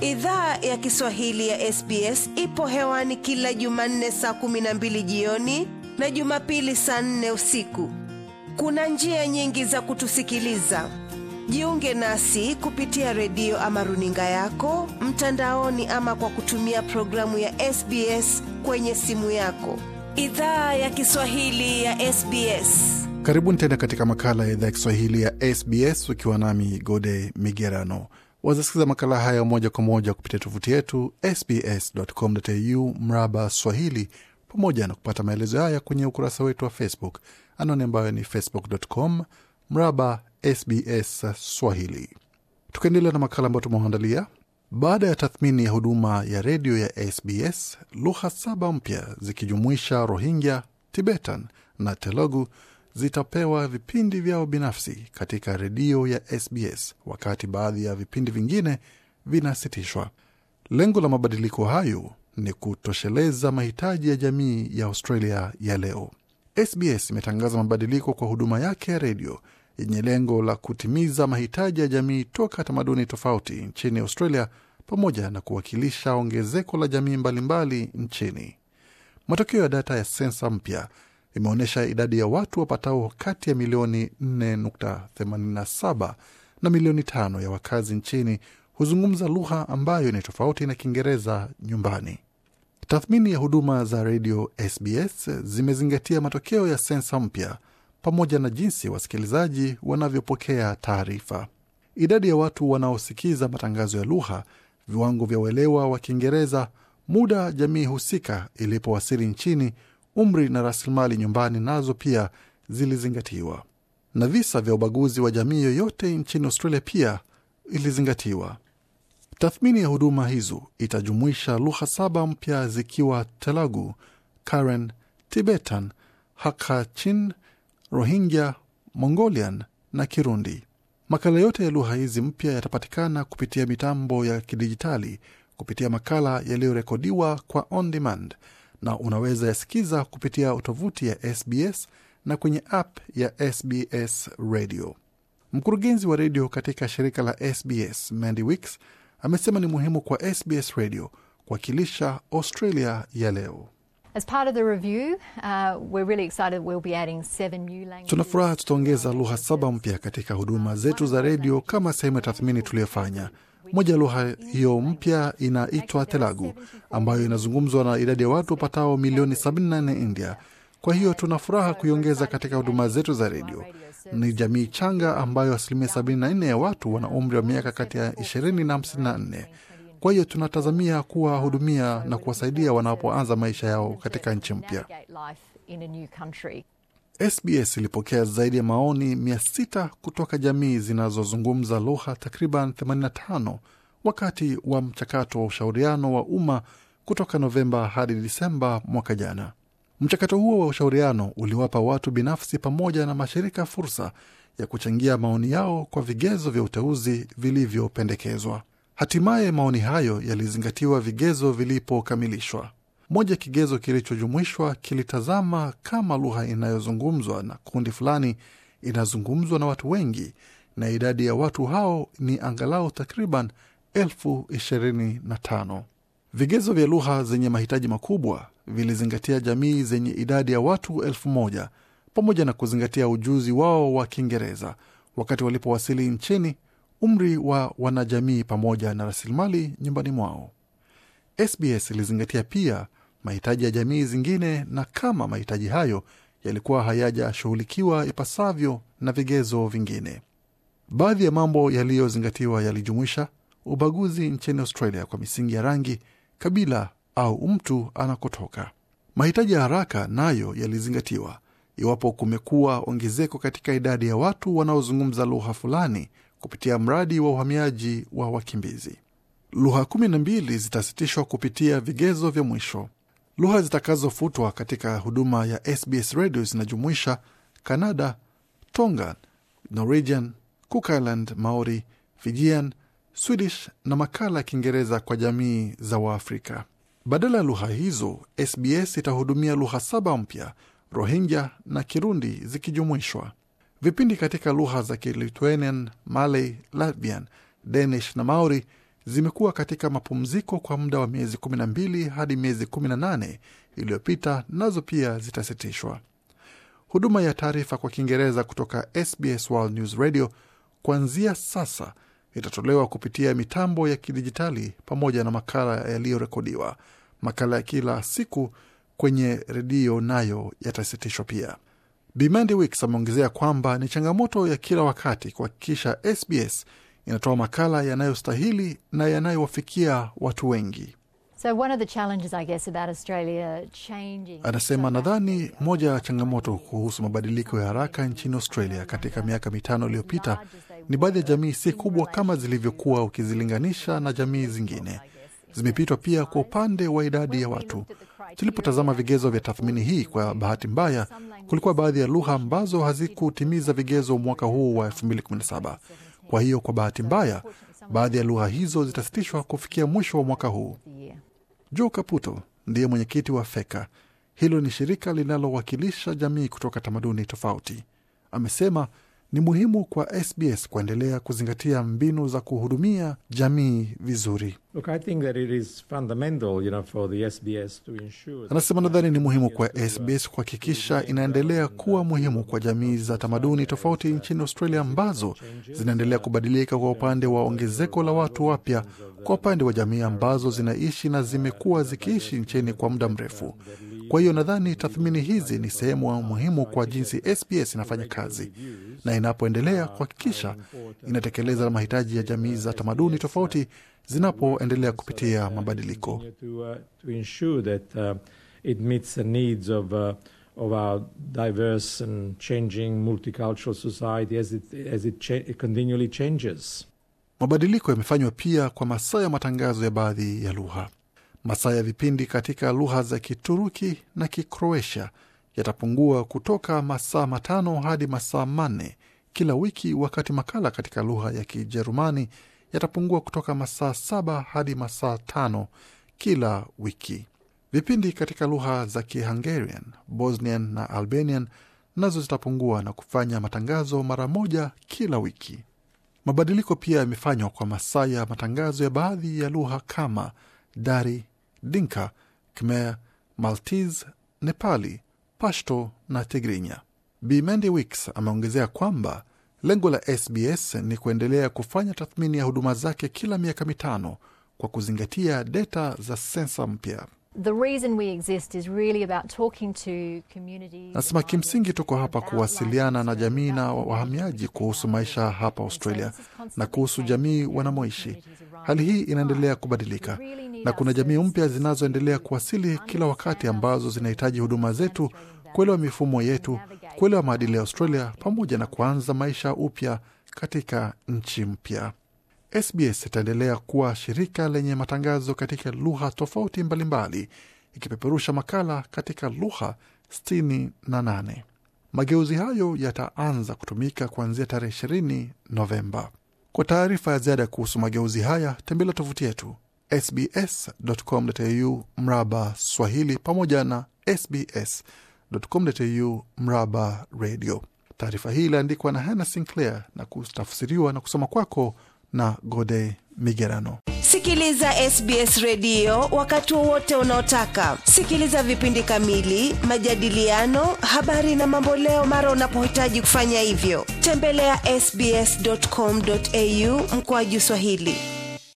Idhaa ya Kiswahili ya SBS ipo hewani kila Jumanne saa kumi na mbili jioni na Jumapili saa nne usiku. Kuna njia nyingi za kutusikiliza. Jiunge nasi kupitia redio ama runinga yako mtandaoni, ama kwa kutumia programu ya SBS kwenye simu yako. Idhaa ya Kiswahili ya SBS. Karibuni tena katika makala ya idhaa ya Kiswahili ya SBS ukiwa nami Gode Migerano. Wazasikiza makala haya moja kwa moja kupitia tovuti yetu sbs.com.au mraba Swahili, pamoja na kupata maelezo haya kwenye ukurasa wetu wa Facebook, anwani ambayo ni facebook.com mraba SBS Swahili. Tukaendelea na makala ambayo tumewaandalia. Baada ya tathmini ya huduma ya redio ya SBS, lugha saba mpya zikijumuisha Rohingya, Tibetan na telogu zitapewa vipindi vyao binafsi katika redio ya SBS, wakati baadhi ya vipindi vingine vinasitishwa. Lengo la mabadiliko hayo ni kutosheleza mahitaji ya jamii ya Australia ya leo. SBS imetangaza mabadiliko kwa huduma yake ya redio yenye lengo la kutimiza mahitaji ya jamii toka tamaduni tofauti nchini Australia pamoja na kuwakilisha ongezeko la jamii mbalimbali mbali nchini. Matokeo ya data ya sensa mpya imeonyesha idadi ya watu wapatao kati ya milioni 4.87 na milioni tano ya wakazi nchini huzungumza lugha ambayo ni tofauti na Kiingereza nyumbani. Tathmini ya huduma za redio SBS zimezingatia matokeo ya sensa mpya pamoja na jinsi wasikilizaji wanavyopokea taarifa. Idadi ya watu wanaosikiza matangazo ya lugha, viwango vya uelewa wa Kiingereza, muda jamii husika ilipowasili nchini umri na rasilimali nyumbani nazo pia zilizingatiwa, na visa vya ubaguzi wa jamii yoyote nchini Australia pia ilizingatiwa. Tathmini ya huduma hizo itajumuisha lugha saba mpya zikiwa Telugu, Karen, Tibetan, Hakachin, Rohingya, Mongolian na Kirundi. Makala yote ya lugha hizi mpya yatapatikana kupitia mitambo ya kidijitali kupitia makala yaliyorekodiwa kwa on demand na unaweza yasikiza kupitia tovuti ya SBS na kwenye app ya SBS Radio. Mkurugenzi wa redio katika shirika la SBS Mandy Wicks amesema ni muhimu kwa SBS Radio kuwakilisha Australia ya leo. Uh, Tuna tutaongeza lugha saba mpya katika huduma zetu za redio kama sehemu ya tathmini tuliyofanya. Moja ya lugha hiyo mpya inaitwa telagu ambayo inazungumzwa na idadi ya watu wapatao milioni 74 India. Kwa hiyo tuna furaha kuiongeza katika huduma zetu za redio. Ni jamii changa ambayo asilimia 74 ya watu wana umri wa miaka kati ya 20 na 54. Kwa hiyo tunatazamia kuwahudumia na kuwasaidia wanapoanza maisha yao katika nchi mpya. SBS ilipokea zaidi ya maoni 600 kutoka jamii zinazozungumza lugha takriban 85 wakati wa mchakato wa ushauriano wa umma kutoka Novemba hadi Disemba mwaka jana. Mchakato huo wa ushauriano uliwapa watu binafsi pamoja na mashirika fursa ya kuchangia maoni yao kwa vigezo vya uteuzi vilivyopendekezwa. Hatimaye maoni hayo yalizingatiwa vigezo vilipokamilishwa. Moja ya kigezo kilichojumuishwa kilitazama kama lugha inayozungumzwa na kundi fulani inazungumzwa na watu wengi na idadi ya watu hao ni angalau takriban elfu ishirini na tano. Vigezo vya lugha zenye mahitaji makubwa vilizingatia jamii zenye idadi ya watu elfu moja pamoja na kuzingatia ujuzi wao wa Kiingereza wakati walipowasili nchini, umri wa wanajamii, pamoja na rasilimali nyumbani mwao. SBS ilizingatia pia mahitaji ya jamii zingine na kama mahitaji hayo yalikuwa hayajashughulikiwa ipasavyo na vigezo vingine. Baadhi ya mambo yaliyozingatiwa yalijumuisha ubaguzi nchini Australia kwa misingi ya rangi, kabila au mtu anakotoka. Mahitaji ya haraka nayo yalizingatiwa iwapo kumekuwa ongezeko katika idadi ya watu wanaozungumza lugha fulani kupitia mradi wa uhamiaji wa wakimbizi. Lugha kumi na mbili zitasitishwa kupitia vigezo vya mwisho. Lugha zitakazofutwa katika huduma ya SBS Radio zinajumuisha canada tonga Norwegian, Cook Island Maori, Fijian, Swedish na makala ya Kiingereza kwa jamii za Waafrika. Badala ya lugha hizo, SBS itahudumia lugha saba mpya, Rohingya na Kirundi zikijumuishwa. Vipindi katika lugha za Kilithuanian, Malay, Latvian, Danish na Maori zimekuwa katika mapumziko kwa muda wa miezi 12 hadi miezi 18 iliyopita, nazo pia zitasitishwa. Huduma ya taarifa kwa Kiingereza kutoka SBS World News Radio kuanzia sasa itatolewa kupitia mitambo ya kidijitali pamoja na makala yaliyorekodiwa. Makala ya kila siku kwenye redio nayo yatasitishwa pia. Bimandi ameongezea kwamba ni changamoto ya kila wakati kuhakikisha SBS inatoa makala yanayostahili na yanayowafikia watu wengi. So anasema, nadhani moja ya changamoto kuhusu mabadiliko ya haraka nchini Australia katika miaka mitano iliyopita ni baadhi ya jamii si kubwa kama zilivyokuwa ukizilinganisha na jamii zingine, zimepitwa pia kwa upande wa idadi ya watu. Tulipotazama vigezo vya tathmini hii, kwa bahati mbaya, kulikuwa baadhi ya lugha ambazo hazikutimiza vigezo mwaka huu wa 2017. Kwa hiyo kwa bahati mbaya, baadhi ya lugha hizo zitasitishwa kufikia mwisho wa mwaka huu. Joe Kaputo ndiye mwenyekiti wa Feka. Hilo ni shirika linalowakilisha jamii kutoka tamaduni tofauti. Amesema ni muhimu kwa SBS kuendelea kuzingatia mbinu za kuhudumia jamii vizuri. Anasema nadhani ni muhimu kwa SBS kuhakikisha inaendelea kuwa muhimu kwa jamii za tamaduni tofauti nchini Australia ambazo zinaendelea kubadilika kwa upande wa ongezeko la watu wapya, kwa upande wa jamii ambazo zinaishi na zimekuwa zikiishi nchini kwa muda mrefu. Kwa hiyo nadhani tathmini hizi ni sehemu muhimu kwa jinsi SPS inafanya kazi na inapoendelea kuhakikisha inatekeleza mahitaji ya jamii za tamaduni tofauti zinapoendelea kupitia mabadiliko. Mabadiliko yamefanywa pia kwa masaa ya matangazo ya baadhi ya lugha masaa ya vipindi katika lugha za Kituruki na Kikroatia yatapungua kutoka masaa matano hadi masaa manne kila wiki, wakati makala katika lugha ya Kijerumani yatapungua kutoka masaa saba hadi masaa tano kila wiki. Vipindi katika lugha za Kihungarian, Bosnian na Albanian nazo zitapungua na kufanya matangazo mara moja kila wiki. Mabadiliko pia yamefanywa kwa masaa ya matangazo ya baadhi ya lugha kama Dari, Dinka, Khmer, Maltese, Nepali, Pashto na Tigrinya. Bi Mandy ameongezea kwamba lengo la SBS ni kuendelea kufanya tathmini ya huduma zake kila miaka mitano kwa kuzingatia data za sensa mpya. Nasema kimsingi tuko hapa kuwasiliana na jamii na wahamiaji kuhusu maisha hapa Australia na kuhusu jamii wanamoishi. Hali hii inaendelea kubadilika na kuna jamii mpya zinazoendelea kuwasili kila wakati ambazo zinahitaji huduma zetu, kuelewa mifumo yetu, kuelewa maadili ya Australia pamoja na kuanza maisha upya katika nchi mpya. SBS itaendelea kuwa shirika lenye matangazo katika lugha tofauti mbalimbali, ikipeperusha makala katika lugha 68. Mageuzi hayo yataanza kutumika kuanzia tarehe 20 Novemba. Kwa taarifa ya ziada kuhusu mageuzi haya tembelea tovuti yetu sbs.com.au mraba swahili pamoja na sbs.com.au mraba radio. Taarifa hii iliandikwa na Hannah Sinclair na kutafsiriwa na kusoma kwako na Gode Migerano. Sikiliza SBS redio wakati wowote unaotaka. Sikiliza vipindi kamili, majadiliano, habari na mamboleo mara unapohitaji kufanya hivyo. Tembelea ya sbs.com.au mkoaju Swahili.